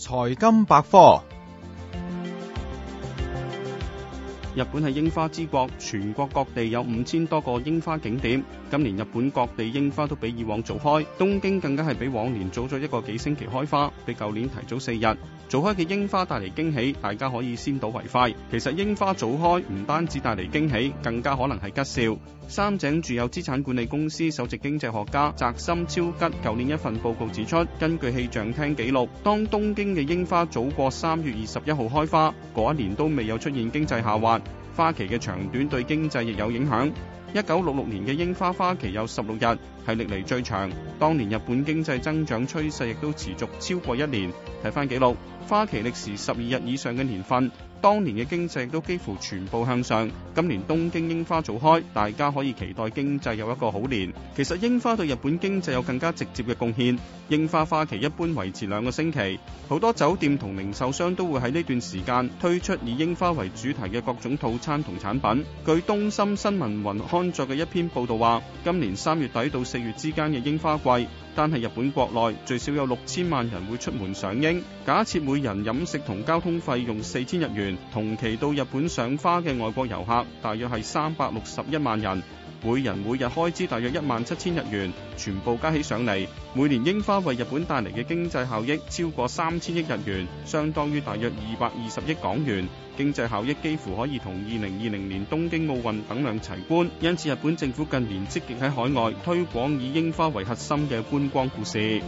財經百科。日本係櫻花之國，全國各地有五千多個櫻花景點。今年日本各地櫻花都比以往早開，東京更加係比往年早咗一個幾星期開花，比舊年提早四日。早開嘅櫻花帶嚟驚喜，大家可以先睹為快。其實櫻花早開唔單止帶嚟驚喜，更加可能係吉兆。三井住友資產管理公司首席經濟學家宅森昭吉舊年一份報告指出，根據氣象廳記錄，當東京嘅櫻花早過三月二十一號開花，嗰一年都未有出現經濟下滑。花期嘅長短對經濟亦有影響。一九六六年嘅櫻花花期有十六日，係歷嚟最長。當年日本經濟增長趨勢亦都持續超過一年。睇翻紀錄，花期歷時十二日以上嘅年份。當年嘅經濟都幾乎全部向上。今年東京櫻花早開，大家可以期待經濟有一個好年。其實櫻花對日本經濟有更加直接嘅貢獻。櫻花花期一般維持兩個星期，好多酒店同零售商都會喺呢段時間推出以櫻花為主題嘅各種套餐同產品。據東森新聞雲刊載嘅一篇報道話，今年三月底到四月之間嘅櫻花季。但係日本國內最少有六千萬人會出門賞櫻。假設每人飲食同交通費用四千日元，同期到日本賞花嘅外國遊客大約係三百六十一萬人。每人每日開支大約一萬七千日元，全部加起上嚟，每年櫻花為日本帶嚟嘅經濟效益超過三千億日元，相當於大約二百二十億港元，經濟效益幾乎可以同二零二零年東京奧運等量齊觀。因此，日本政府近年積極喺海外推廣以櫻花為核心嘅觀光故事。